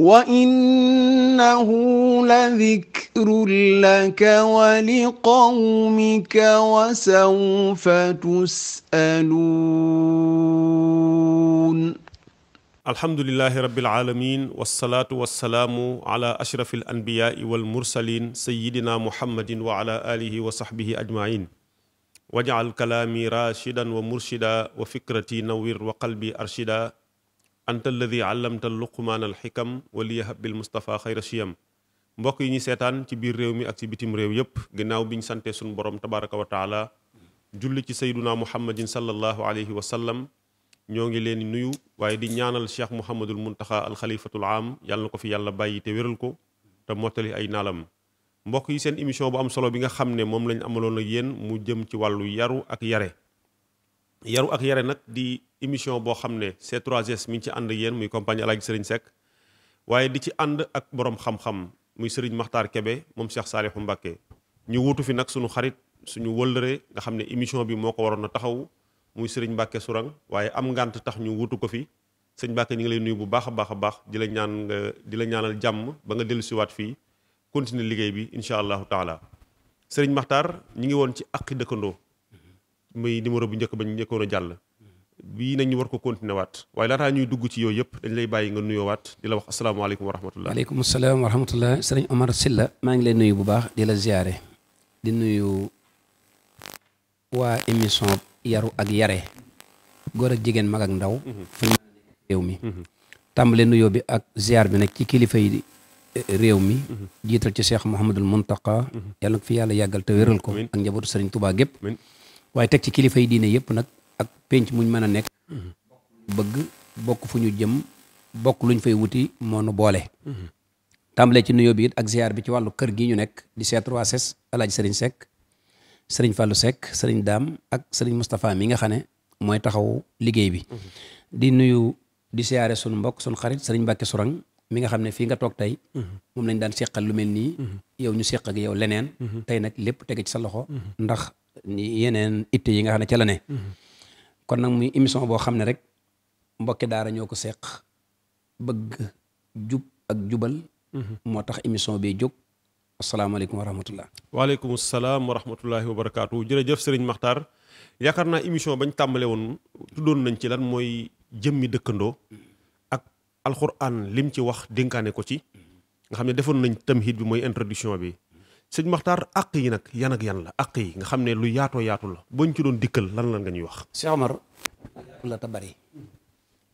وإنه لذكر لك ولقومك وسوف تسألون الحمد لله رب العالمين والصلاة والسلام على أشرف الأنبياء والمرسلين سيدنا محمد وعلى آله وصحبه أجمعين واجعل كلامي راشدا ومرشدا وفكرتي نوير وقلبي أرشدا anta alladi allamta luqmaan al xikam waliyahab bil mustafa xayra siyam mbokk yi ñu seetaan ci biir réew mi ak ci bitim réew yépp ginnaaw bi ñu sante suñu borom tabaraka wa taala julli ci sayduna muhammadin sallallahu alayhi wa sallam ñoo ngi leen di nuyu waaye di ñaanal cheikh muhammadul muntaxa al xalifatul am yàlla na ko fi yàlla bàyyi te wéral ko te mottali ay naalam mbokk yi seen émission bu am solo bi nga xam ne moom lañ amaloon a yéen mu jëm ci wàllu yaru ak yare yaru ak yare nag di émission boo xam ne C3S mi ngi ci ànd ak yéen muy compagnie El Hadj Serigne Seck waaye di ci ànd ak borom xam-xam muy Serigne Makhtar Kebe moom Cheikh Salihou Mbacké ñu wuutu fi nag suñu xarit suñu wëllëre nga xam ne émission bi moo ko waroon a taxaw muy Serigne Mbacké Sourang waaye am ngant tax ñu wuutu ko fi sëñ Mbacké ñu ngi lay nuyu bu baax a baax a baax di la ñaan nga di la ñaanal jàmm ba nga dellu siwaat fii continue liggéey bi incha allahu taala Serigne Makhtar ñu ngi woon ci aqi dëkkandoo muy numéro bu njëkk ba ñu njëkkoon jàll. bii nag ñu war ko continuer waat waaye laataa ñuy dugg ci yooyu yëpp dañ lay bàyyi nga nuyoo waat di la wax asalaamaaleykum wa rahmatullah. waaleykum salaam wa rahmatullah sëriñ Omar Silla. maa ngi lay bu baax di la ziare. di nuyu waa émission yaru ak yare. góor jigéen mag ak ndaw. Mhm. fi mu mhm. nuyoo bi ak ziar bi nag ci kilifa yi eh, réew mi. Mhm. jiital ci cheikh Mouhamadul Mountakha. yàlla na fi yàlla yàggal te ko. ak njabootu sëriñ Touba gépp waaye teg ci kilifa yi diine yëpp nag ak penc muñ mën a nekk. Mhm. bëgg bokk fu ñu jëm bokk luñ fay wuti moo nu boole. Mhm. tàmbalee ci nuyoo bi it ak ziar bi ci wàllu kër gi ñu nekk di seet waa ses Alaaji Sëriñ Seck Sëriñ Fallou Seck Sëriñ Daam ak Sëriñ Moustapha mi nga xam ne mooy taxaw liggéey bi. Mhm. di nuyu di siyaare sunu mbokk sunu xarit Sëriñ Mbàkke Sourang mi nga xam ne fii nga toog tey. moom lañ daan seqal lu mel nii. yow ñu seq ak yow leneen. tey nag lépp tege ci sa loxo. ndax ni yeneen itte yi nga xam ne ca la ne kon nag muy émission boo xam ne rek mbokki daara ñoo ko seq bëgg jub ak jubal moo tax émission bee jóg asalaamaaleykum wa rahmatullah waaleykum salaam wa rahmatullahi wa barakaatu jërëjëf sëriñ Maxtaar yaakaar naa émission bañ tàmbalee woon tuddoon nañ ci lan mooy jëmmi dëkkandoo ak alxuraan lim ci wax dénkaane ko ci nga xam ne defoon nañ tamhid bi mooy introduction bi sëñ Maxtaar àq yi nag yan ak yan la àq yi nga xam ne lu yaatoo yaatu la bañ ci doon dikkal lan lan nga ñuy wax. Cheikh la ta bari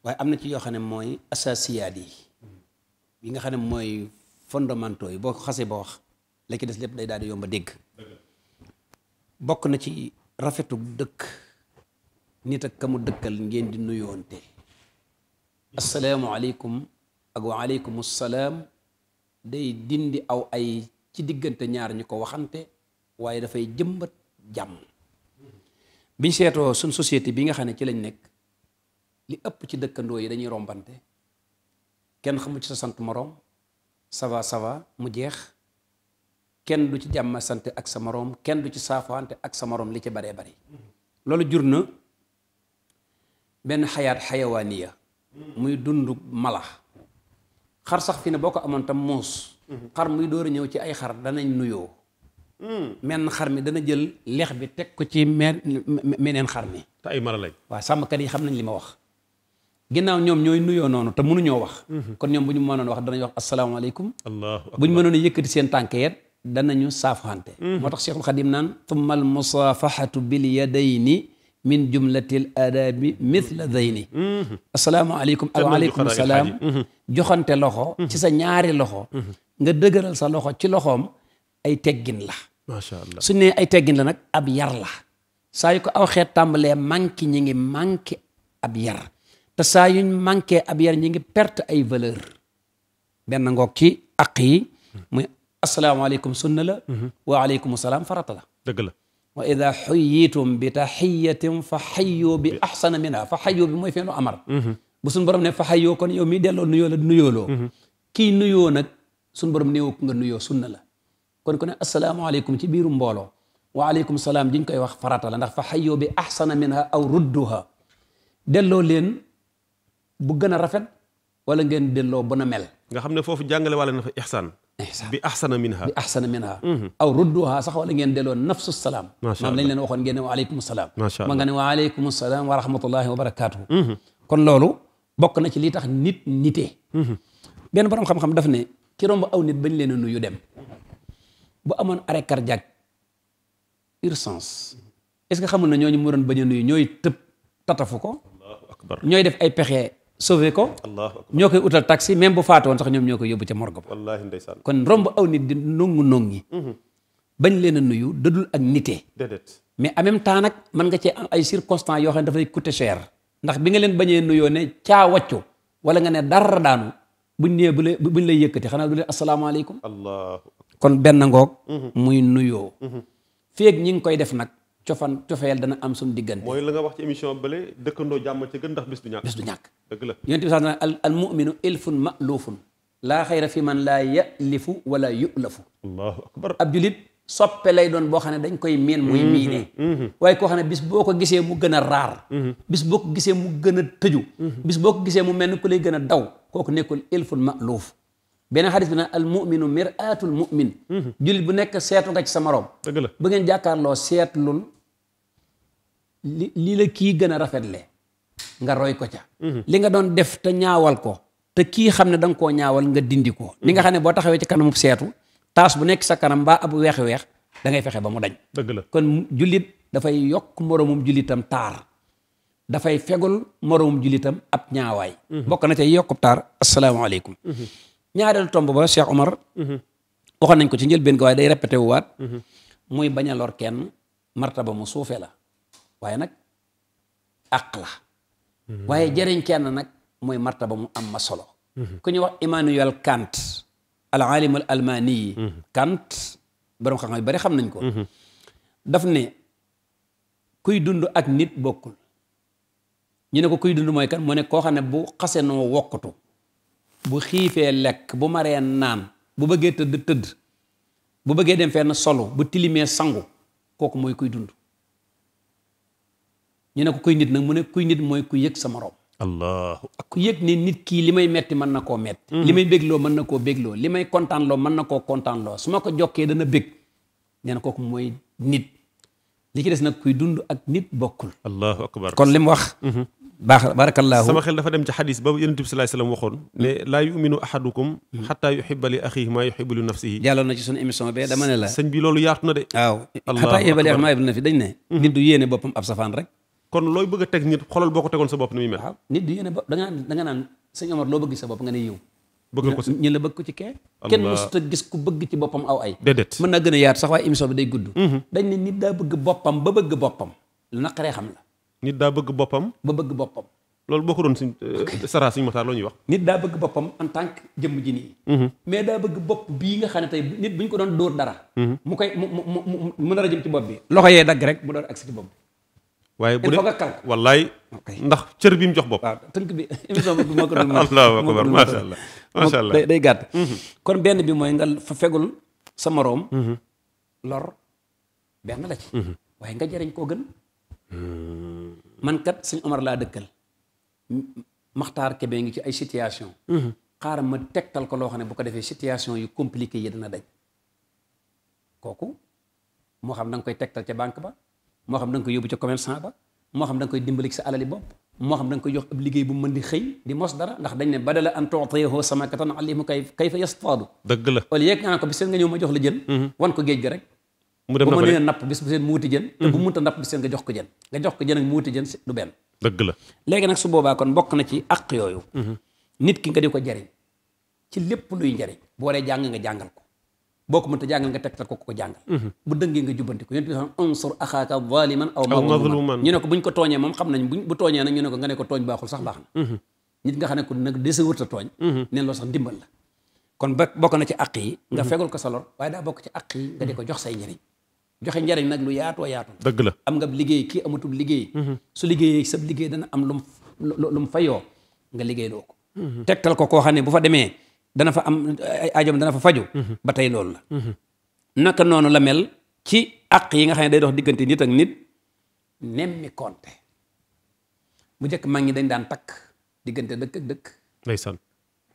waaye am na ci yoo xam ne mooy asasiyaat yi yi nga xam ne mooy fondamentaux yi boo ko xasee ba wax la ci des lépp day daal di yomb a dégg bokk na ci rafetu dëkk nit ak kamu dëkkal ngeen di nuyoonte asalaamaaleykum ak waaleykum salaam day dindi aw ay. ci diggante ñaar ñu ko waxante waaye dafay jëmbat jàmm biñ seetoo suñ societé bi nga xam ne ci lañ nekk li ëpp ci dëkkandoo yi dañuy rombante kenn xamu ci sa sant moroom ça va mu jeex kenn du ci jàmm sant ak sa moroom kenn du ci saafante ak sa moroom li ci baree bari loolu jur na benn xayaat ya muy dundu mala xar sax fi ne boo ko amoon tam muus xar muy door a ñëw ci ay xar danañ nuyoo. Hmm. men xar mi dana jël lex bi teg ko ci men meneen xar mi. te ay mara lañ. waaw sàmmkat yi xam nañ li ma wax. ginnaaw ñoom ñooy nuyoo noonu te mënuñoo wax. Hmm. kon ñoom bu ñu mënoon wax danañ wax asalaamaaleykum. allahu akbar bu ñu mënoon yëkkati seen tànk yet danañu saafaxante. Hmm. moo tax Cheikhul Xadim naan. thumma al musaafaxatu bil yadayni min jumlati al adabi mithla dayni. asalaamaaleykum. wa aleykum salaam joxante loxo. ci sa ñaari loxo. nga dëgëral sa loxo ci loxoom ay teggin la. macha allah su ay teggin la nag ab yar la saa ko aw xeet tàmbalee manqué ñi ngi manqué ab yar te saa yuñ ab yar ñi ngi perte ay valeur benn ngoog ci aq yi muy asalaamaaleykum sunna la mhm. wa aleykum salaam farata la la wa ida xuyitum bi taxiyatin fa xayu bi axsana minha fa xayu bi mooy feenu amar mhm. bu suñ borom ne fa xayu kon yow mii delloo nuyoo la nuyooloo mhm. kii nuyoo suñ borom néew ku nga nuyoo sunna la kon ku ne asalaamaaleykum ci biiru mbooloo waaleykum salaam diñ koy wax farata la ndax fa xayyoo bi ahsana minha aw rudduha delloo leen bu gën a rafet wala ngeen delloo bu na mel nga xam ne foofu jàngale wala na fa ihsan bi ahsana minha bi ahsana minha mhm. aw rudduha sax wala ngeen delloo nafsu salaam maam lañ leen waxoon ngeen ne waaleykum salaam ma nga ne waaleykum salaam wa rahmatullahi wa barakaatuhu mhm. kon loolu bokk na ci li tax nit nitee mhm. benn borom xam-xam ki romb aw nit bañ leen a nuyu dem bu amoon arrêt cardiaque urgence est-ce que xamul na ñooñu mu doon bañ a nuyu ñooy tëb tatafu ko. ñooy def ay pexe sauver ko. ñoo koy utal taxi même bu faatu woon sax ñoom ñoo koy yóbbu ca morgue ba. wallaahi ndeysaan kon romb aw nit di nongu nongi mhm. bañ leen a nuyu dëdul ak nitee mais en même temps nag mën nga cee am ay circonstances yoo xam ne dafay coûter cher. ndax bi nga leen bañee nuyoo ne caa wàccu wala nga ne dara daanu. buñ nee bu lay buñ lay yëkkati xanaa du leen asalaamaaleykum. allah kon benn ngoog. Mhm. muy nuyoo. Mhm. feeg ñi ngi koy def nag. cofan cofeel dana am suñu diggante. mooy la nga wax ci émission bële dëkkandoo jàmm ci gën ndax bis du ñàkk. bis du ñàkk dëgg la. yonent bi sax na al al mu'minu ilfun ma'lufun laa xayra fi man laa ya'lifu wala yu'lafu. allahu akbar ab julit soppe lay doon boo xam ne dañ koy miin muy mhm, miine mhm. waaye koo xam ne bis boo ko gisee mu gën a raar mhm. bis boo ko gisee mu gën a tëju bis boo ko gisee mu mel ni ku lay gën a daw koo kooku nekkul ilful maluuf beneen xadis bi nag al muminu miraatul mumin jullit bu nekk seetu nga ci sa morom la bu ngeen jàkkaarloo seetlul li lii la kii gën a rafetle nga roy ko ca li nga doon def te ñaawal ko te kii xam ne da koo ñaawal nga dindi ko li nga xam ne boo taxawee ci kanamu seetu taas bu nekk sa kanam mbaa ab weex-weex da ngay fexe ba mu dañ. dëgg la kon jullit dafay yokk moroomum jullitam taar dafay fegul moroomum jullitam ab ñaawaay. Mhm. bokk na ca yokkub taar asalaamaaleykum. Mhm. ñaareelu tomb ba Cheikh Omar. Mhm. waxoon nañ ko ci njëlbeen ga waaye day répété wu waat. muy bañ a lor kenn martaba mu suufee la waaye nag àq la. waaye jëriñ kenn nag mooy martaba mu am ma solo. ku ñuy wax Emmanuel Kant. al aalimu al almaani yi mhm. kant borom xam bari xam nañ ko mhm. daf ne kuy dund ak nit bokkul ñu ne ko kuy dund mooy kan mu ne koo xam ne bu xase noo wokkutu bu xiifee lekk bu maree naan bu bëggee tëdd tëdd bu bëggee dem fenn solo bu tilimee sangu kooku mooy kuy dund ñu ne ko kuy nit nag mu ne kuy nit mooy ku yëg sa moroom allahu akbar ku yëg ne nit kii li may metti mën na koo metti mhm. li may bégloo mën na koo bégloo li may kontaanloo mën na koo kontaanloo su ma ko jokkee dana bég nee na kooku mooy nit li ci des nag kuy dund ak nit bokkul allahu kon li mu wax mhm. baax barakallahu sama xel dafa dem ci xadis ba yonent bi sallallahu alayhi wasallam waxoon ne laa yuminu ahadukum xataa mhm. yuhibba li axihi maa yuhibbu li nafsihi jàlloon na ci sunu émission bee dama ne la sëñ bi loolu yaatu na de waaw xataa yuhibba li axihi maa yuhibbu li dañ ne nit du yéene boppam ab safaan rek kon looy bëgg teg nit xolal boo ko tegoon sa bopp ni muy mel. waaw nit du yéene ba da bopp nga ne yow. bëgg ko si ñu la bëgg ko ci kee. kenn mosut a a yaatu sax mhm. daa bëgg boppam ba bëgg boppam. lu loolu boo ko doon suñ euh, sara suñ maxtaar loo ñuy wax. nit daa bëgg boppam en tant que jëmm ji nii. Mhm. mais daa bëgg bopp bii nga xam ne tey nit bu ñu ko doon dóor dara. Mhm. mu koy mu mu mu mën a jëm ci bopp bi. loxo yee dagg rek mu doon agsi ci bopp waaye bu dee wallaay ndax cër bi mu jox bopp waaw tënk bi émission bi moo ko dul allahu akbar masha allah masha allah day gàtt mhm. kon benn bi mooy nga fa fegul sa moroom mhm. lor benn la ci mhm. waaye nga jariñ koo gën hmm. man kat suñ Omar laa dëkkal maxtaar kebe ngi ci ay situation xaaral ma tegtal ko loo xam ne bu ko defee situation yu compliqué yi dina daj kooku moo xam da nga koy tegtal ca banque ba moo xam da nga koy yóbbu ca commerçant ba moo xam da koy dimbali sa alali bopp moo xam da nga koy jox ab liggéey bu mën di xëy di mos dara ndax dañ ne badala an tuutiyahu samakatan alimu kay la wala yegg naa ko bis seen nga ñëw ma mhm. mu dem bu mënee napp bis seen mu wuti jën te bu mhm. munta ko jën nga jox ko jën dëgg la léegi nag su boobaa kon bokk na ci àq yooyu mhm. nit ki nga di ko jariñ ci lépp luy njariñ boo dee jàng nga jàngal ko boo ko mënta jàngal nga tegtal ko ko jàngal mhm. bu dëngee nga jubbanti ko yonent bi sax unsur axaaka zaliman aw mazluman ñu ne ko buñ ko tooñee moom xam nañ buñ bu tooñee nag ñu ne ko nga ne ko tooñ baaxul sax baax na mhm. nit nga xam ne ko nag dese wërta tooñ mhm. neen loolu sax ndimbal la kon ba bokk na ci àq yi nga fegul ko sa lor waaye daa bokk ci àq yi nga di ko jox say njëriñ joxe njëriñ nag lu yaatoo yaatu dëgg la am nga liggéey kii amatub liggéey su liggéeyee sab liggéey dana am lu mu lu mu fayoo nga liggéey doo ko tegtal ko koo xam ne bu fa demee dana fa am ajom dana fa faju mhm. ba tey loolu la mhm. naka noonu la mel ci àq yi nga xam ne day dox diggante nit ak nit nemmi konte bu njëkk mag ñi dañ daan takk diggante dëkk ak dëkk ndeysaan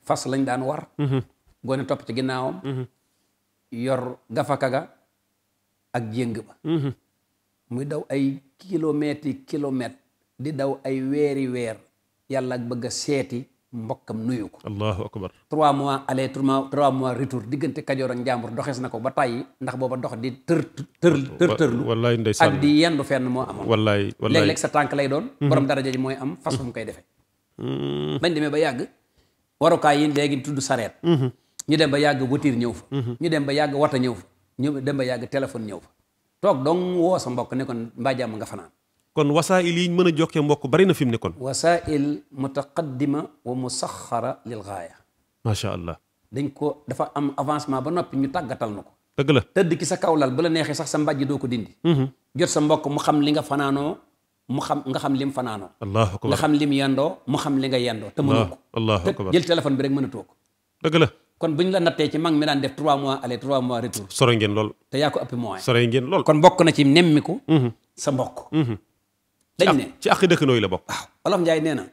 fas lañ daan war mhm. gone topp ci ginnaawam yor gafakaga ak jéng ba muy daw ay kilomètres yi di daw ay weeri weer yàlla ak bëgg a seeti mbokkam nuyu ko allahu akbar trois mois aller trois mois retour diggante kajoor ak njaambur doxees na ko ba tàyyi ndax booba dox di tër tër tër tërlu wallaay ndeysaan ak di yendu fenn moo amoon wallaay wallaay léeg-léeg sa tànk lay doon mhm. borom daraja ji mooy am façon mu koy defee mm. bañ demee ba yàgg warukaay yi léegi tudd sareet mhm. ñu dem ba yàgg voiture ñëw fa mhm. ñu dem ba yàgg wata ñëw fa ñu dem ba yàgg téléphone ñëw fa toog dong woo sa mbokk ne mbaa jàmm nga fanaan kon wasaa'il yi mën a jokkee mbokk bari na fi mu ne kon. wasaa'il mutaqaddima wa musaxara lil gaaya. macha allah. dañ ko dafa am avancement ba noppi ñu tàggatal na ko. dëgg la tëdd ki sa kaw lal bu la neexee sax sa mbàjj doo ko dindi. Mm-hmm. jot sa mbokk mu xam li nga fanaanoo mu xam nga xam lim fanaanoo. allahu akbar nga xam lim yendoo mu xam li nga yendoo. te mënoo ko allahu akbar jël téléphone bi rek mënatoo ko. dëgg la. kon bu ñu la nattee ci mag mi daan def trois mois aller trois mois retour. sore ngeen lool. ko bokk na ci mm-hmm. sa mbokk. Mm-hmm. dañ ne ci àq dëkk yi la bokk. waaw Olof Njaay nee na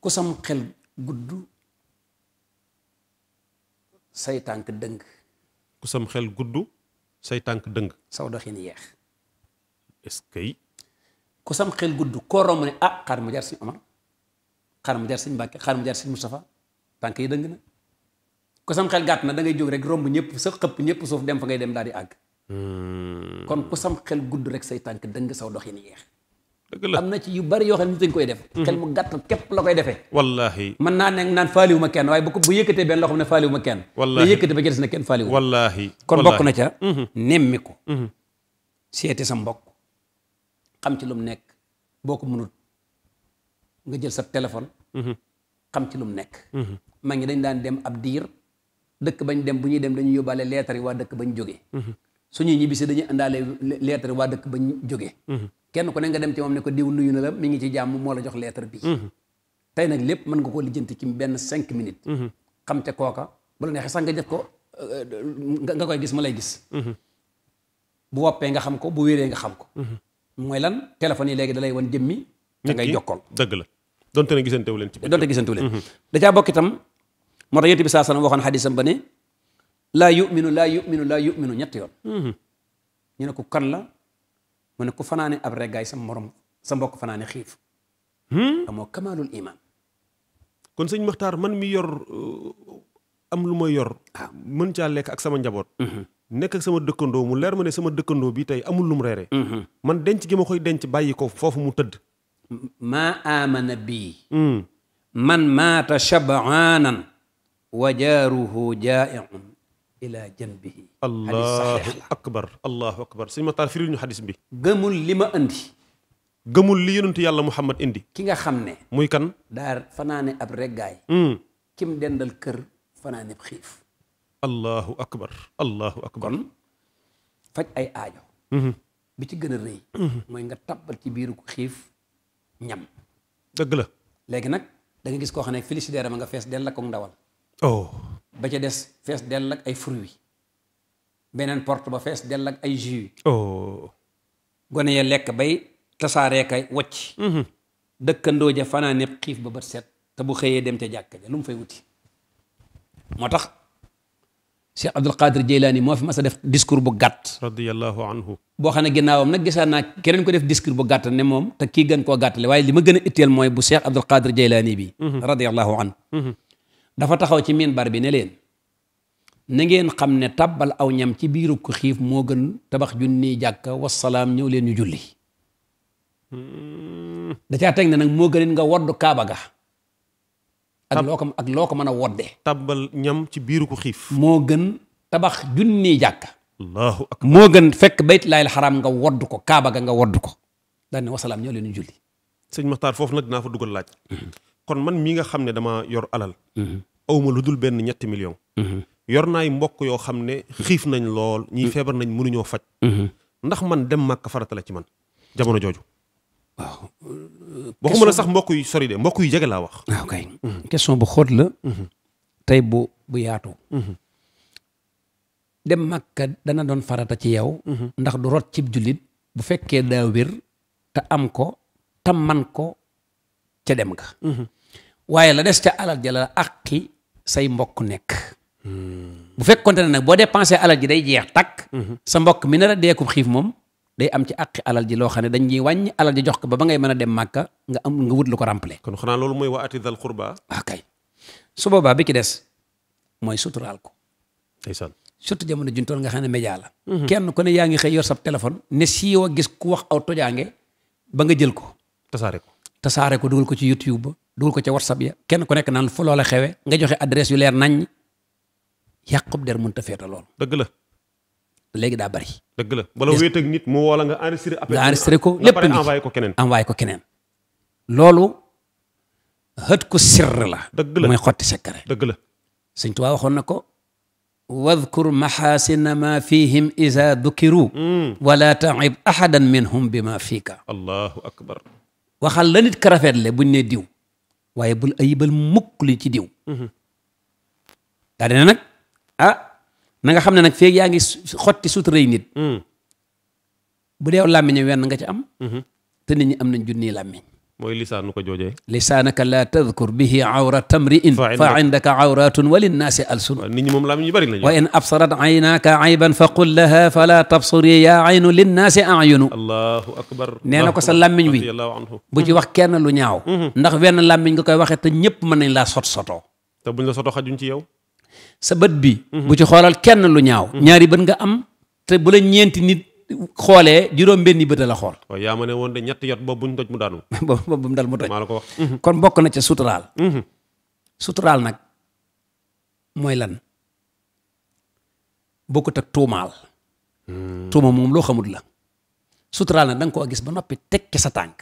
ku sam xel gudd say tànk dëng. ku sam xel gudd say tànk dëng. saw doxin yeex. est-ce que. ku sam xel gudd koo romb ne ah xaar mu jar sëñ Omar xaar mu jar sëñ Mbàkke xaar mu jar sëñ Moustapha tànk yi dëng na ku sam xel gàtt na da ngay jóg rek romb ñëpp sa xëpp ñëpp suuf dem fa ngay dem daal di àgg. Hmm. kon ku sam xel gudd rek say tànk dëng saw doxin yeex dëgg la am na ci yu bari yoo xam ne nit dañ koy def mhm. xel mu gàtt képp la koy defee wallaahi mën naa ne naan faaliwu ma kenn waaye bu ko bu yëkkatee benn loo xam ne faaliwu ma kenn bokk na ca mhm. nemmi ko mhm. sa mbokk xam ci lu mu nekk boo ko mënut nga jël sa téléphone xam ci lu mu nekk maa ngi dañ daan dem ab diir dëkk bañ dem bu ñuy dem dañuy yóbbaale leetar yi waa dëkk bañ jógee suñuy ñibbisi dañuy àndaale lettre waa dëkk ba ñu mhm. kenn ku ne nga dem ci moom ne ko diw nuyu na la mi ngi ci jàmm moo la jox lettre bi mhm. tey nag lépp mën nga koo lijjanti ci benn cinq minutes mhm. xam ca kooka bu la neexee sax nga jot ko nga koy gis ma lay gis bu woppee nga xam ko bu wéree nga xam ko mooy lan téléphone yi léegi da lay wan jëmmi da ngay jokkool dëgg la donte na gisantewu leen ci donte gisantewu leen da caa bokk itam moo tax yonent bi saa sallam ba ne laa yuminu laa yuminu laa yuminu ñetti yoon mhm. ñu ne ko kan la mu ne ku fanaane ab reggaay sa morom sa mbokk fanaane xiif hmm? amoo kamaalul iman kon sëñ Maxtaar man mi yor uh, am lu ma yor ah. mën caa lekk ak sama njaboot mhm. sama dëkkandoo mu leer ma ne sama dëkkandoo bi tey amul lu mhm. man denc gi ma koy denc bàyyi ko foofu mu tëdd maa aamana bii hmm. man maata shabaanan wa jaaruhu ila janbihi allahu akbar allahu akbar sëñ ma taal firil ñu bi gëmul li ma indi gëmul li yonentu yàlla muhammad indi ki nga xam ne muy kan daa fanaane ab reggaay hmm. kim dendal kër fanaane ab xiif allahu akbar allahu akbar kon faj ay aajo hmm. bi ci gën a rëy hmm. mooy nga tabbal ci biiru ko xiif ñam dëgg la léegi nag da nga gis koo xam ne frigidaire a nga fees dell ak ndawal oh. ba ca des fees dell ak ay fruits beneen port ba fees dell ak ay jus. oh. gone ya lekk bay tasaaree kay wocc mm-hmm. dëkkandoo ja fanaan xiif ba bët set te bu xëyee dem ca jàkk ja lu mu fay wuti moo tax Cheikh Abdul Qadir Jeylaani moo fi mas def discours bu gàtt radiyallahu anhu boo xam ne ginnaawam nag gisaa naa keneen ko def discours bu gàtt ne moom te kii gën koo gàttale waaye li ma gën a itteel mooy bu Cheikh Abdul Qadir Jeylaani bi mm-hmm. radiyallahu anhu mm-hmm. dafa taxaw ci miin bar bi ne leen na ngeen xam ne tàbbal aw ñam ci biiru ko xiif moo gën tabax junni jàkka wasalaam ñëw leen julli hmm. da teg ne nag moo gën nga wodd kaaba ga ak loo ko ak loo ko mën a wodde tàbbal ñam ci biiru ko xiif moo gën tabax junni jàkka allahu akbar moo gën fekk baytullaahil xaraam nga wodd ko kaaba ga nga wodd ko daan ne wasalaam ñëw leen ñu julli sëñ Maxtaar foofu nag dinaa fa dugal laaj mm-hmm. kon man mii nga xam ne dama yor alal mhm. awma lu dul benn ñetti million mhm. yor naay mbokk yoo xam ne mhm. xiif nañ lool ñiy feebar nañ mënuñoo faj ndax man dem màkk farata la ci man jamono jooju waaw euh, waxuma la sax mbokk yu sori de mbokk yu jege laa wax waaw ah, kay question bu xóot la tey bu bu yaatu dem màkka dana doon farata ci yow ndax du rot cib jullit bu fekkee daa wér te am ko te man ko ca dem nga waaye la des ca alal ja la àqi say mbokk nekk bu fekkonte ne nag boo dépensé alal ji day jeex takk sa mbokk mi nar dee deeku xiif moom day am ci àqi alal ji loo xam ne dañ dañuy wàññi alal ji jox ko ba ba ngay mën a dem màkka nga am nga wut lu ko remplir kon xanaa loolu mooy wa ati dal qurba ah, kay su boobaa bi ci des mooy suturaal ko ndeysaan surtout jamono juntool nga xam ne média la mhm. kenn ku ne yaa ngi xëy yor sab téléphone ne siiwa gis ku wax aw tojaange ba nga jël ko tasaare ko tasaare ko dugal ko ci YouTube ba dugal ko ca WhatsApp ya kenn ku nekk naan fu loola xewe nga joxe adresse yu leer nañ yàqub der mënta féete lool. dëgg la. léegi daa bari. dëgg la wala wéet ak nit mu wala nga enregistré. appel ko lépp nga envoyé ko keneen envoyé ko keneen. loolu xët ku sirr la. dëgg la mooy xotti secret. dëgg la Sëñ Tuubaa waxoon na ko. wadkur maxaasina ma fihim isa dukiru. Mm. wala taib ahadan minhum waxal la nit ka le buñ ne diw waaye bul ayibal mukk li ci diw mhm. daa dina nag ah na xam ne nag feeg yaa ngi xotti suutarëy nit mm. bu deew làmmiñ wenn nga ci am mhm. te nit ñi am nañ junniy làmmiñ mooy lisaanu ko joojee lisaanaka laa tadkur bihi awra tamri in fa indaka wa linnaasi alsun nit wa in absarat aynaaka ayban fa qul fala tabsuri yaa aynu linnaasi ayunu allahu ko sa làmmiñ wi bu ci wax kenn lu ñaaw mm-hmm. ndax wenn làmmiñ nga koy waxee te ñëpp mën nañ laa sot sotoo te buñ la sotoo xajuñ ci sa bët bi mm-hmm. bu ci xoolal kenn lu ñaaw mm-hmm. ñaari bët nga am te bu la ñeenti nit xoolee juróom benni bët la xool. waaw yaa ma ne woon de ñetti yot boobu buñ toj mu daanu. boobu mu dal mu toj maa la ko wax. kon bokk na ca suturaal. Mm-hmm. suturaal nag mooy lan bokkut ak tuumaal. Mm. tuuma moom loo xamut la. suturaal nag da nga koo gis ba noppi teg sa tànk.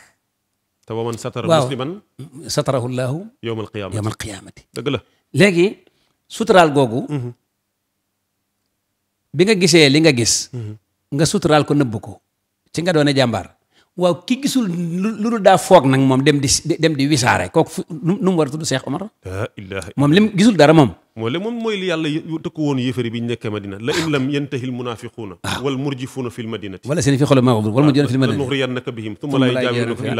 te wa man satara musliman satarahu llaahu yawmal dëgg la léegi suturaal googu. Mm-hmm. bi nga gisee li nga gis. Mm-hmm. nga suturaal ko nëbb ko ci nga doone jàmbaar waaw ki gisul lu lu daa foog nag moom dem di dem di wisaare kooku nu mu war a tudd Cheikh Omar. ah Illaahi moom gisul dara moom. mooy li yàlla tëkku woon yéefari bi ñu nekkee Madina la in lam yantahi almunafiquuna ah. wal murjifuuna fi lmadinati illaa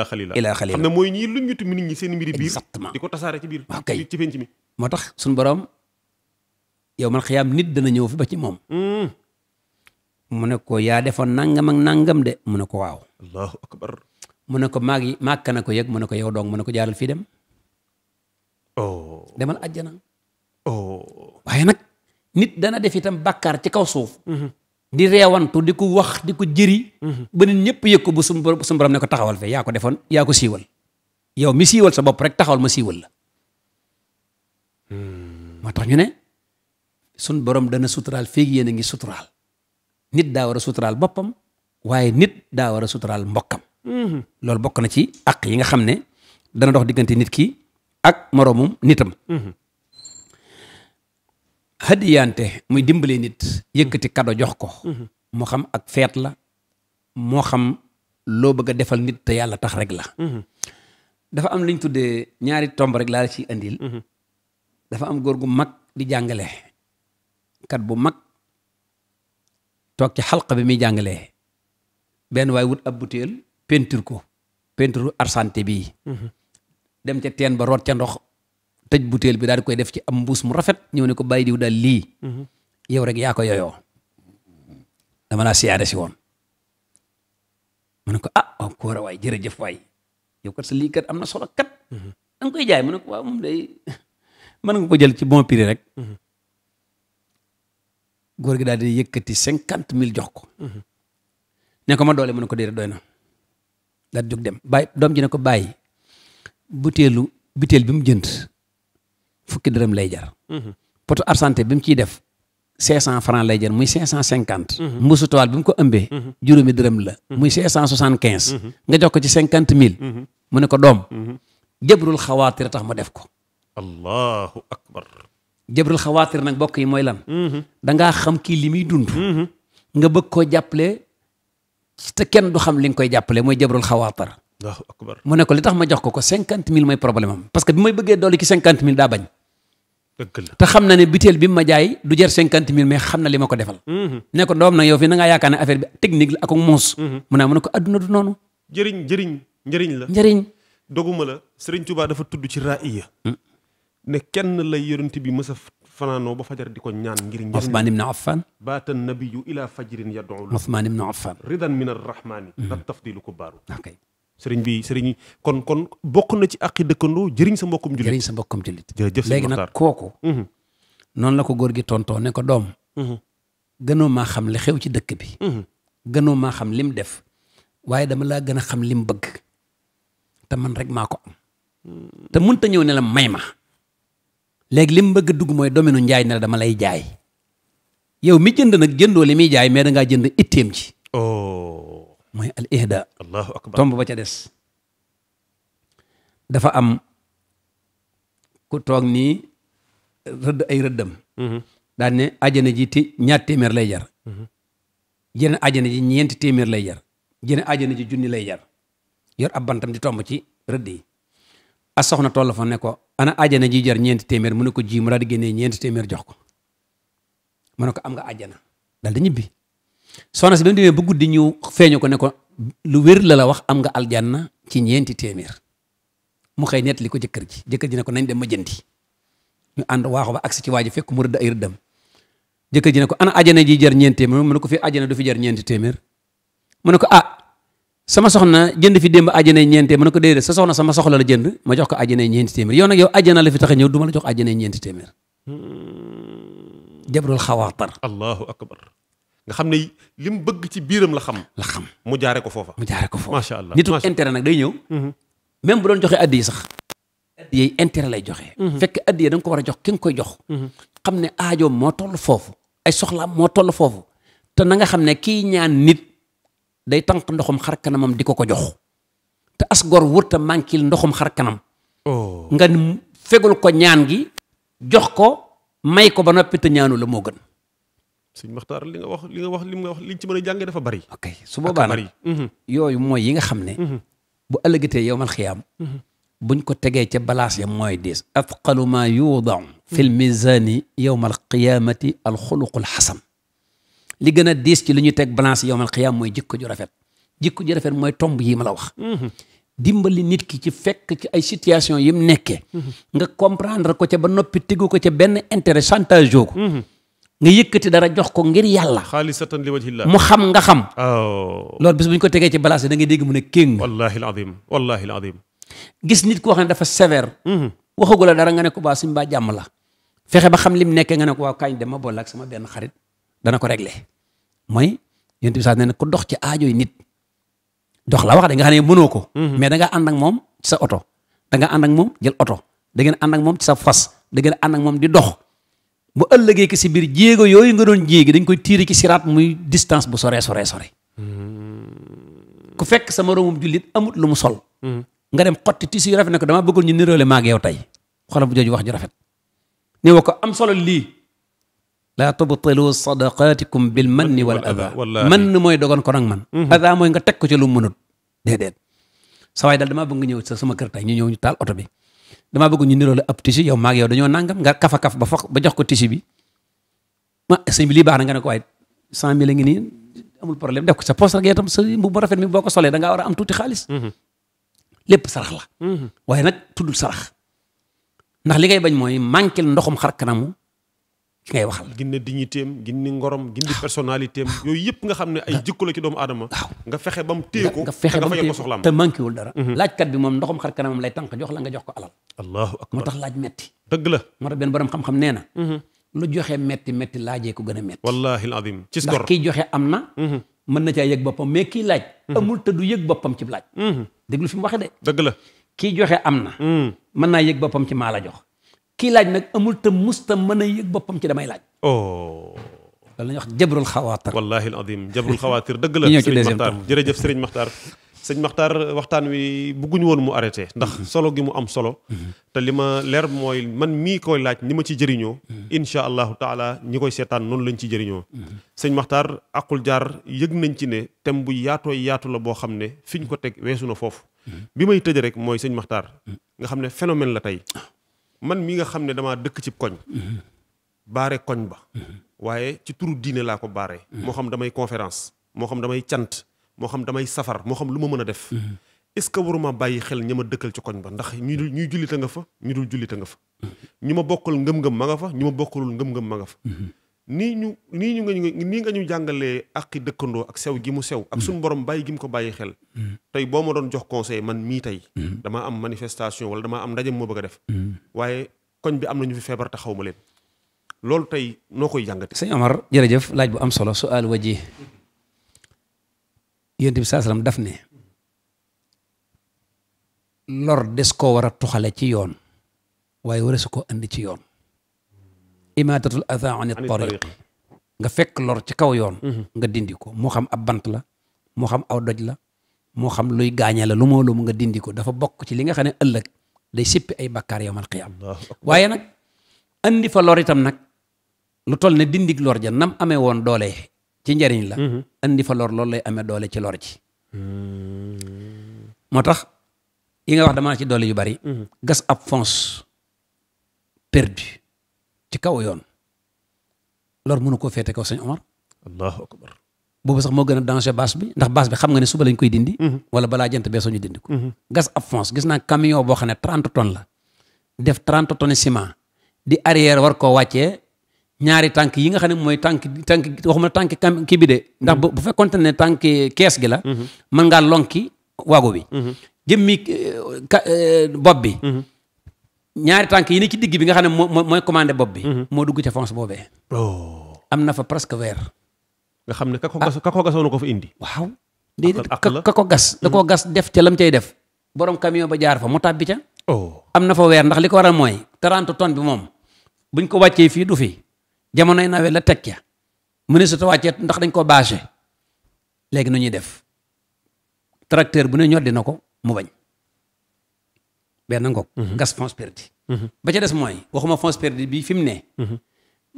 xalila illaa xalila xam ne mooy ñii lu ñu tumi nit ñi seen mbiri biir di ko tasaare ci biir waaw moo tax suñu borom yow man xiyaam nit dana ñëw fi ba ci moom hmm. mu ne ko yaa defoon nangam nangam de mu ne ko waaw. allahu akbar mu ne ko maag yi màkk na ko yëg mu ne ko yow dong mu ne ko jaaral fii dem. oh demal àjjana. oh waaye nag nit dana def itam bàkkaar ci kaw suuf. Mm-hmm. di reewantu di ko wax di ko jëri. Mm-hmm. ba nit ñëpp yëg ko bu sum borom ne ko taxawal fee yaa ko defoon yaa ko siiwal. yow mi siiwal sa bopp rek taxawal ma siiwal la. Hmm. moo tax ñu ne. sun borom dana suturaal feeg yéen a ngi suturaal. nit daa war a suturaal boppam waaye nit daa war a suturaal mbokkam. Mhm. loolu bokk na ci àq yi nga xam ne dana dox diggante nit ki ak moroomum nitam. Mhm. hadiyante muy dimbale nit yëkkati kado jox ko. Mhm. moo xam ak feet la moo xam loo bëgg a defal nit te yàlla tax rek la. dafa am lu ñu tuddee ñaari tomb rek laa la ciy andil. dafa am góor gu mag di jàngale kat bu mag. toog ci xalqa bi muy jàngalee benn waay wut ab butéel peinture ko peinture arsante bii mhm. dem ca teen ba root ca ndox tëj butéel bi daal koy def ci am mbuus mu rafet ñëw ne ko bàyyi diw daal lii mhm. yow rek yaa ko yoyoo dama laa siyaare si woon mu ne ko a ah, waaw kóora waay jërëjëf waay yow kat sa lii kat am na solo kat mhm. da koy jaay mu ne ko waaw moom day mën nga ko jël ci bon prix rek góor gi daal di yëkkati cinquante mille jox ko. ne ma doole mu ne ko da doy na. daal di jóg dem bàyyi doom ji ne ko bàyyi butéelu butéel bi mu jënd fukki dërëm lay jar. Mhm. poto absanté bi mu ciy def cinq cent franc lay jar muy cinq cent cinquante. Mhm. mbuusu toile bi mu ko ëmbee. Mhm. juróomi dërëm la. muy cinq quinze. nga jox ko ci cinquante mille. mu ne ko doom. jëbrul a tax ma def ko. jabrul xawaatir nag bokk yi mooy lan mm-hmm. da xam kii li muy dund mm-hmm. nga bëgg koo jàppale te kenn du xam li nga koy jàppale mooy jabrul xawaatir waaw akbar mu ne ko li tax ma jox ko ko cinquante mille mooy problème am parce que bi may bëggee dolli ci cinquante mille daa bañ te xam na ne biteel bi mu ma jaay du jar cinquante mille mais xam na li ma ko defal mm-hmm. ne ko doom nag yow fi na ngaa yaakaar ne affaire bi technique la ak muus mu naa mu ne ko adduna du noonu njëriñ njëriñ la njëriñ doguma la Serigne Touba ci ne kenn lay yonent bi mës a fanaanoo ba fajar di ko ñaan ngir njëriñ Ousmane ibn Affan baata nabiyu ila fajrin yad'u Ousmane ibn Affan ridan min arrahmani la hmm. tafdilu ko baaru ok sëriñ bi sëriñ kon kon bokk na ci àqi dëkkandoo jëriñ sa mbokkum jullit sa mbokkum jullit jërëjëf léegi nag kooku hmm. noonu la ko góor gi tontoo ne ko doom hmm. gënoo maa xam li ci dëkk bi gënoo maa xam lim def waaye dama laa gën a xam lim bëgg te man rek maa ko am te ñëw ne may ma léegi li mu bëgg dugg mooy dominu njaay ne dama lay jaay yow mi jënd nag jëndoo li muy jaay mais danga ngaa jënd itteem ci oh mooy al ihda tomb ba ca des dafa am ku toog ni rëdd ay rëddam mm-hmm. daan ne ajana ji ti ñaar lay jar jeneen mm-hmm. ajana ji ñeenti téeméer lay jar jeneen ajana ji junni lay jar yor ab bantam di tomb ci rëdd yi as soxna toll fa ne ko ana ajana ji jar ñeenti téeméer mu ko ji mu daal di génnee ñeenti téeméer jox ko mu ne ko am nga ajana daal di ñibbi soxna si ba mu demee ba guddi ñu feeñu ko ne ko lu wér la la wax am nga aljanna ci ñeenti téeméer mu xëy li ko jëkkër ji jëkkër ji ne ko nañ dem ma jëndi mu ànd waaxu ba agsi ci waa fekk mu rëdd ay rëddam jëkkër ji ne ko ana ajana ji jar ñeent téeméer mu ne ko fi ajana du jar ñeenti téeméer ah sama soxna jënd fi démb àjjanay ñeenti mën na ko déedéet sa soxna sama soxla la jënd ma jox ko àjjanay ñeenti la fi tax a ñëw du ma la jox àjjanay ñeenti téeméer jabrul xawaatar nga xam ne li mu bëgg ci biiram la xam la xam mu jaare ko foofa mu jaare ko foofa macha allah nitu intérêt nag day ñëw mm-hmm. même bu doon joxe addi yi sax addi yi intérêt lay joxe mm-hmm. fekk addi yi da ko war a jox ki nga koy jox mm-hmm. xam ne aajoom moo toll foofu ay soxlaam moo toll foofu te na xam ne kii ñaan nit day tànq ndoxum xar kanamam di ko ko jox te as gor wër ndoxum xar kanam. Oh. nga fegul ko ñaan gi jox ko may ko ba noppi te ñaanu la moo gën. sëñ Maxtaar li nga wax li nga wax li ci mën a dafa bari. ok su boobaa nag mhm. yooyu mooy yi nga xam ne. Mhm. bu ëllëgatee yowmal xiyaam. Mhm. buñ ko tegee ca balaas ya mooy diis. afqalu ma yuudaw. fil mizaani yowmal qiyaamati alxuluqul xasan. li gën a diis ci li ñu teg balance yowmal xiyaam mooy jikko ju rafet jikko ju rafet mooy tomb yi ma la wax mhm. dimbali nit ki ci fekk ci ay situation yim nekkee mhm. nga comprendre ko ca ba noppi tegu ko ca benn intérêt chantage ko mhm. nga yëkkati dara jox ko ngir yàlla mu xam nga xam oh. loolu bis bu ñu ko tegee ci balance da ngay dégg mu ne kéng wallahi alazim wallahi alazim gis nit koo xam ne dafa sévère waxagu la dara nga ne ko baa suñ baa jàmm la fexe ba xam lim nekkee nga ne ko waaw kañ dama boole ak sama benn xarit dana ko régler mooy yonent bi sax nee na ku dox ci aajo yi nit dox la wax de nga xam ne mënoo ko. Mhm. mais da nga ànd moom ci sa oto. da nga ànd ak moom jël oto da ngeen ànd moom ci sa fas da ngeen ànd moom di dox. bu ëllëgee ki si biir jéego yooyu nga doon jéegi dañ koy tiiri ki siraat muy distance bu soree soree sore mhm. ku fekk sa moroomum jullit amut lu mu sol. Mhm. nga dem xotti tissu yu rafet na ko damaa bëggoon ñu niroole maag yow tey xoolal bu jooju wax ju rafet. ne wa ko am solo lii laa tubtilu sadaqaatikum bil manni wal ada man mooy dogon ko nag man mhm. ada mooy nga teg ko ci lu mu mënut déedéet dama waay bëgg nga ñëw sa sama kër tay ñu ñëw ñu taal oto bi damaa bëgg ñu niroole ab tisi yow maag yow dañoo nangam nga kafa kaf ba jox ko tisi bi ma sëñ bi lii na nga ne ko waaye cent mille ngi nii amul problème def ko sa poos rek itam sa mbubb mu rafet mi boo ko solee da ngaa war a am tuuti xaalis mhm. lépp sarax la mhm. waaye nag tuddul sarax ndax li ngay bañ mooy manqué ndoxum xar kanamu ki ngay waxal gindi dignité am gindi ngorom gindi personnalité am yooyu yëpp nga xam ne ay jikko la ci doomu aadama waaw nga fexe ba mu téye ko nga fexe ba mu téye ko soxlaam te manqué wul dara mhm. laajkat bi moom ndoxum xar kanamam lay tànk jox la nga jox ko alal allahu akbar moo tax laaj metti dëgg la moo tax benn borom xam-xam nee na mhm. lu metti metti laajee a metti joxe am na mën naa yëg boppam ci maa la jox kii laaj nag amul tam musta mën a yëg boppam ci damay laaj. oh. loolu la ñuy wax jabrul xawaatir. wallaahi al jabrul xawaatir dëgg la. ñu ñëw ci deuxième temps jërëjëf Serigne Makhtar. sëñ Makhtar waxtaan wi bugguñu woon mu arrêté ndax mhm. solo gi mu am solo mhm. te li ma leer mooy man mii koy laaj ni ma ci jëriñoo mhm. insha allahu taala ñi koy seetaan noonu lañ ci jëriñoo sëñ Makhtar aqul jaar yëg nañ ci ne thème bu yaatooy yaatu la boo xam ne fiñ ko teg weesu na foofu bi may tëj rek mooy sëñ Makhtar nga xam ne phénomène la tey ah. man mi nga xam ne damaa dëkk ci koñ. baare koñ ba. waaye ci turu diine laa ko baaree. moo xam damay conférence moo xam damay cant moo xam damay safar moo xam lu ma mën a def. est-ce que waruma bàyyi xel ña ma dëkkal ci koñ ba ndax ñu dul ñuy jullite nga fa ñu dul jullite nga fa. ñu ma bokkal ngëm-ngëm ma nga fa ñu ma bokkalul ngëm-ngëm ma nga fa. nii ñu nii ñu nii nga ñu jàngalee aqi dëkkandoo ak sew gi mu sew ak suñu borom bàyyi gi ko bàyyi xel tey boo ma doon jox conseil man mii tey damaa am manifestation wala damaa am ndaje moo bëgg a def waaye koñ bi am nañu fi feebar te xaw ma leen loolu tey noo koy jàngate sëñ Omar jërëjëf laaj bu am solo su al waji yonent bi saasalam daf ne lor des koo war a tuxale ci yoon waaye war su ko indi ci yoon imaatatul adha an tariq nga fekk lor ci kaw yoon mhm. nga dindi ko moo xam ab bant la moo xam aw doj la moo xam luy gaañe la lu moo lumu nga dindi ko dafa bokk ci li nga xam ne ëllëg day sippi ay bakkaar yawmal qiyaam waaye nag andi fa lor tam nag lu toll ne dindig lor ja nam amee woon doole ci njariñ la mhm. andi fa lor loolu lay amee doole ci lor ji hmm. moo tax yi nga wax damaa ci doole yu bari mhm. gas ab fonce perdu ci kaw yoon lor mënu koo féete ko sëñ Omar. allahu boobu sax moo gën a danger bâche bi ndax bâche bi xam nga ne suba lañ koy dindi. Mhm. wala balaa jant bee soo ñu dindi ko. Mhm. gas ab fonce gis naa camion boo xam ne trente tonnes la. def trente tonnes ciment. di arrière war koo wàccee ñaari tànk yi nga xam ne mooy tànk tànk waxuma tank kam kii bi de. ndax bu bu fekkoonte ne tànk kees gi la. Mhm. mën ngaa lonki waago bi. jëmmi eh, eh, bopp bi. ñaari tànk yi ne ci digg bi nga xam ne moo mooy commandé bopp bi. Mm-hmm. moo dugg ca fonce boobee. Oh. am na fa presque weer. nga xam ne ka ko ah. gas ka ko gasoon ko fa indi. waaw ka ko gas. da koo mm-hmm. gas def ca lam cay def. borom camion ba jaar fa mu tàbbi ca. Oh. am na fa weer ndax li ko waral mooy. 30 tonnes bi moom buñ ko wàccee fii du fi jamonoy nawet la teg ca. mu ne su ta wàccee ndax dañ ko baase léegi nu ñuy def tracteur bu ne ñoddi na ko mu bañ. benn ngoog mhm. gas fonds perdu mhm. ba ca des mooy waxuma fonds perdu bi fi ne mhm.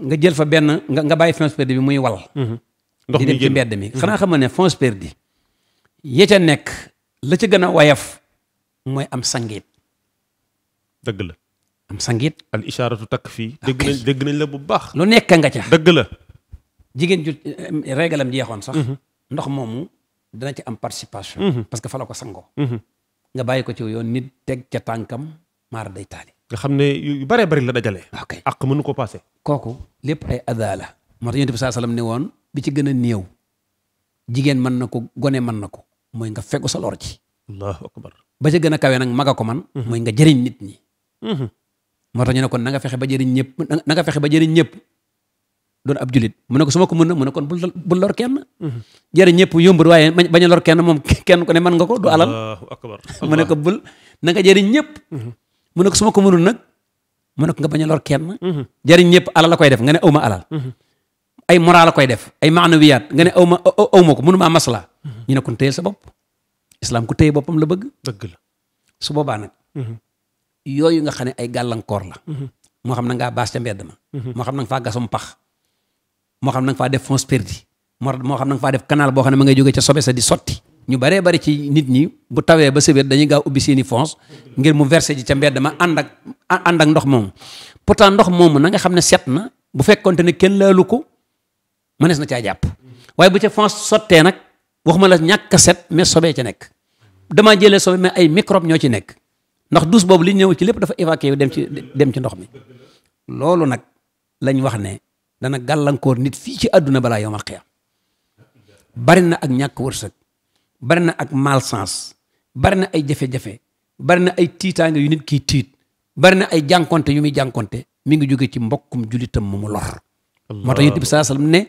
nga jël fa benn nga nga bàyyi fonds perdu bi muy wal ndox mi di dem ci mbedd mi xanaa xam ne fonds perdu ya ca nekk la ca gën a wayaf mooy am sangiit dëgg la am sangiit al takk fii dégg nañ la bu baax lu nekk nga ca dëgg la jigéen ju eh, régalam jeexoon sax ndox moomu dana ci am participation parce que fa ko sangoo nga bàyyi ko ci yoon nit teg ca tànkam maar day taali nga xam ne yu bëree bëri la dajale ak mënu ko passé kooku lépp ay adaa la moo tax yonent bi saa salaam woon bi ci gën a néew jigéen mën na ko gone mën na ko mooy nga fegu sa lor ci allahu akbar ba ca gën a kawe nag maga ko man mhm. mooy nga jëriñ nit ñi mhm. moo tax ñu ne na nga fexe ba jëriñ ñëpp na nga fexe ba jëriñ ñëpp doon ab julit mu ko su ma ko mën na mu ne kon bul bul lor kenn jëre ñëpp yombul waaye bañ a lor kenn moom kenn ku ne mën nga ko du alal mu ne ko bul na nga jëriñ ñëpp mu ne ko su ma ko mënul nag mu ne ko nga bañ a lor kenn jëriñ ñëpp alal la koy def nga ne awma alal ay moral la koy def ay maanawiyaat nga ne awma awma ko mënuma masla ñu ne kon sa bopp islam ku téye boppam la bëgg dëgg la yooyu nga xam ne ay gàllankoor la mhm. moo xam na baas ca mbedd mhm. moo xam na nga gasum pax moo xam na nga faa def fonds perdu moo moo xam na nga faa def canal boo xam ne ma ngay jógee ca sobe sa di sotti ñu baree bari ci nit ñi bu tawee ba sévère dañuy gaaw ubbi seeni fonds ngir mu versé ji ca mbedd ma ànd ak ànd ak ndox moomu pourtant ndox moomu na nga xam ne set na bu fekkonte ne kenn laalu ko mënees na caa jàpp waaye bu ca fonce sottee nag waxuma la ñàkk a set mais sobee ca nekk damaa jëlee sobe mais ay microbe ñoo ci nekk ndax douche boobu li ñëw ci lépp dafa évacué dem ci dem ci ndox mi loolu nag lañ wax ne dana gàllankoor nit fii ci àdduna balaa yowmal xiyaam bari na ak ñàkk wërsëg bari na ak malchance bari na ay jafe-jafe bari na ay tiitaange yu nit kiy tiit bari na ay jànkonte yu muy jànkonte mi ngi jóge ci mbokkum julitam mu mu lor moo tax yonent bi saa ne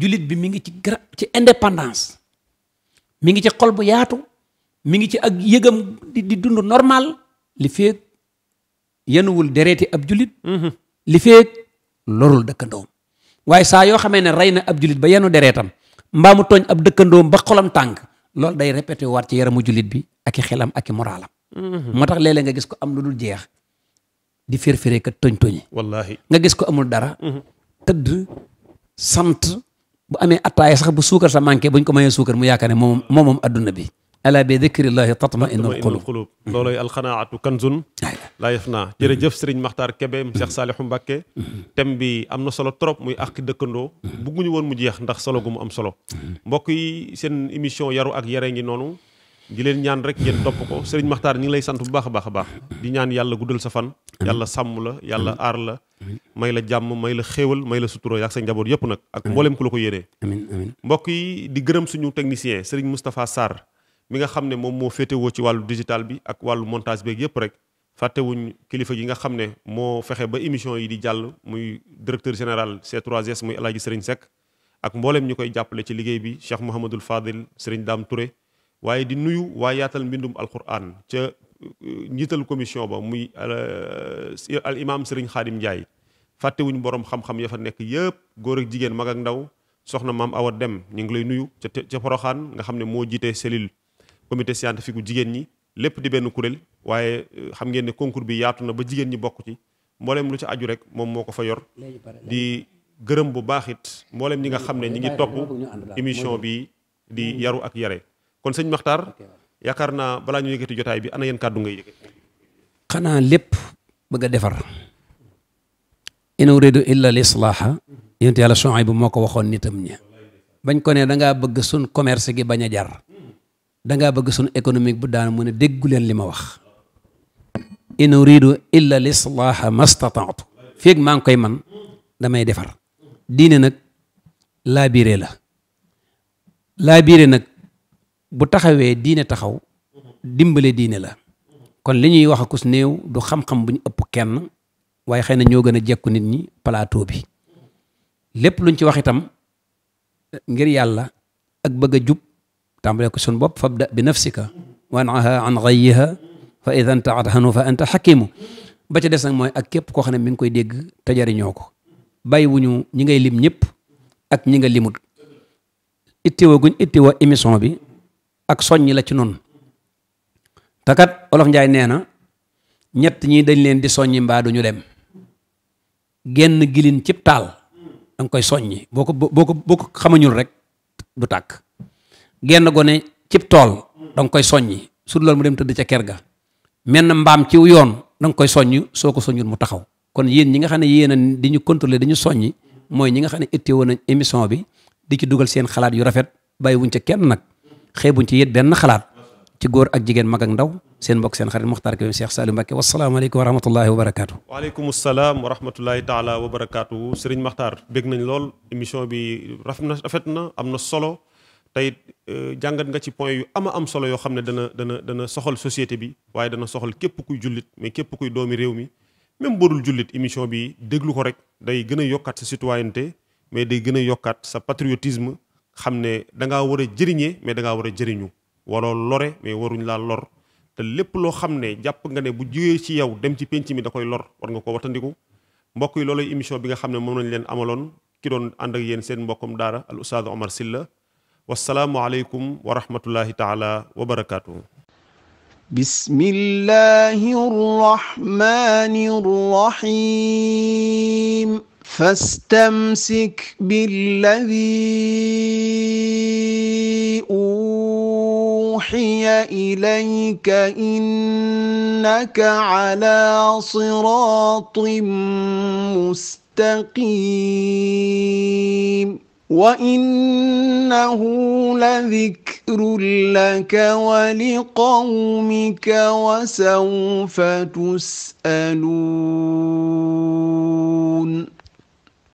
julit bi mi ngi ci gra ci indépendance mi ngi ci xol bu yaatu mi ngi ci ak yëgam di di dund normal li feeg yanuwul dereeti ab julit mhm. li feeg lorul dëkkandoom waaye saa yoo xamee ne rey na ab jullit ba yenu dereetam mbaa mu tooñ ab dëkkandoom ba xolam tàng loolu day répété waat ci mu jullit bi ak i xelam ak i moraalam. Mhm. moo tax léeg-léeg nga gis ko am lu dul jeex di firfiree kat toñ toñi wallaahi nga gis ko amul dara. Mhm. tëdd sant bu amee attaaya sax bu suukar sa manqué buñ ko mayee suukar mu yaakaar ne moom moom adduna bi. alaa bi dikrillahi tatma'innul qulub looloy alxanaatu kanzun laa yaf naa jërëjëf sëriñ Makhtar Kebe Cheikh Saliou Mbacké thème bi am na solo trop muy àq dëkkandoo bugguñu woon mu jeex ndax solo gu mu am solo mbokk yi seen émission yaru ak yare ngi noonu di leen ñaan rek ngeen topp ko sëriñ Makhtar ñu ngi lay sant bu baax a baax a baax di ñaan yàlla guddal sa fan yàlla sàmm la yàlla aar la may la jàmm may la xéewal may la sutura yaak sa njaboot yëpp nag ak mboolem ku la ko yéenee mbokk yi di gërëm suñu technicien sëriñ Moustapha Sarr mi nga xam ne moom moo féetewoo ci wàllu digital bi ak wàllu montage beeg yëpp rek fàttewuñ kilifa gi nga xam ne moo fexe ba émission yi di jàll muy directeur général C3S muy El Hadj Serigne Seck ak mbooleem ñu koy jàppale ci liggéey bi Cheikh Mouhamadul Fadil Serigne Dame Touré waaye di nuyu waa yaatal mbindum alquran ca euh, njiital commission ba muy euh, al imam Serigne Khadim Ndiaye fàttewuñ borom xam-xam ya fa nekk yëpp góor ak jigéen mag ak ndaw soxna maam Awa Dem ñu ngi lay nuyu ca ca Poroxaan nga xam ne moo jiite cellule. comité scientifique gu jigéen ñi lépp di benn kuréel waaye euh, xam ngeen ne concours bi yaatu na ba jigéen ñi bokk ci mbooleem lu ci aju rek moom moo ko fa yor di gërëm bu baax it mboolem ñi nga xam ne ñi ngi topp émission bi di yaru ak yare kon sëñ Maxtaar yaakaar naa balaa ñu yëkkati jotaay bi ana yéen kàddu ngay yëkkati xanaa lépp bëgg a defar in uridu illa lislaaha yonent yàlla Shuayb bu moo ko waxoon nitam ñi bañ ko ne dangaa bëgg suñ commerce gi bañ a jar dangaa bëgg suñu économique bu daan mu ne déggu leen li ma wax in uridu illa lislaaha mastataatu feeg maa ngi koy man damay defar diine nag laa biire la laa biire nag bu taxawee diine taxaw dimbale diine la kon li ñuy wax akus néew du xam-xam bu ëpp kenn waaye xëy na ñoo gën a jekku nit ñi palaato bi lépp luñ ci wax itam ngir yàlla ak bëgg a jub tàmbale ko suñu bopp fabda bi nafsika wanha an ghayyiha fa ida ntaat hanu fa anta hakimu ba ca des nag mooy ak képp koo xam ne mi ngi koy dégg te jariñoo ko bàyyi wuñu ñi ngay lim ñëpp ak ñi nga limut ittiwa guñ ittiwa émission bi ak soññi la ci noonu takat olof njaay nee na ñett ñi dañ leen di soññi mbaa duñu dem genn gilin cib taal danga koy soññ boo ko boo ko boo ko xamañul rek du tàkk genn gone cib tool da nga koy soññ su loolu mu dem tëdd ca ker ga menn mbaam ci yoon danga koy soññ soo ko soññul mu taxaw kon yéen ñi nga xam ne yéen a di ñu contrôler dañu ñu soññi mooy ñi nga xam ne itte woon nañ émission bi di ci dugal seen xalaat yu rafet bàyyiwuñ ca kenn nag xeebuñ ci yét benn xalaat ci góor ak jigéen mag ak ndaw seen mbokk seen xarit Muxtaar Kébé Cheikh Saliou Mbacké wasalaamaaleykum wa rahmatullahi wa barakaatu waaleykum salaam wa rahmatullahi taala wa barakaatu Serigne Makhtar bég nañ lool émission bi rafet na rafet na am na solo tey euh, jàngat nga ci point yu ama am solo yoo xam ne dana dana dana soxal société bi waaye dana soxal képp kuy jullit mais képp kuy doomi réew mi même boodul jullit émission bi déglu ko rek day gën a yokkaat sa citoyenneté mais day gën a yokkaat sa patriotisme xam ne da ngaa war a jëriñee mais da ngaa war a jëriñu waroo lore mais waruñ laa lor te lépp loo xam ne jàpp nga ne bu jógee ci yow dem ci penc mi da koy lor war nga ko watandiku mbokk yi loolu émission bi nga xam ne moom lañ leen amaloon ki doon ànd ak yéen seen mbokkum daara al oustaz Omar Sylla wasalaamualeykum wa rahmatullahi taala wa barakaatu. bismillahi rahmani rahim. fastamsik billadi uuxiya ilayka innaka calaa siraatin mustaqim. وإنه لذكر لك ولقومك وسوف تسألون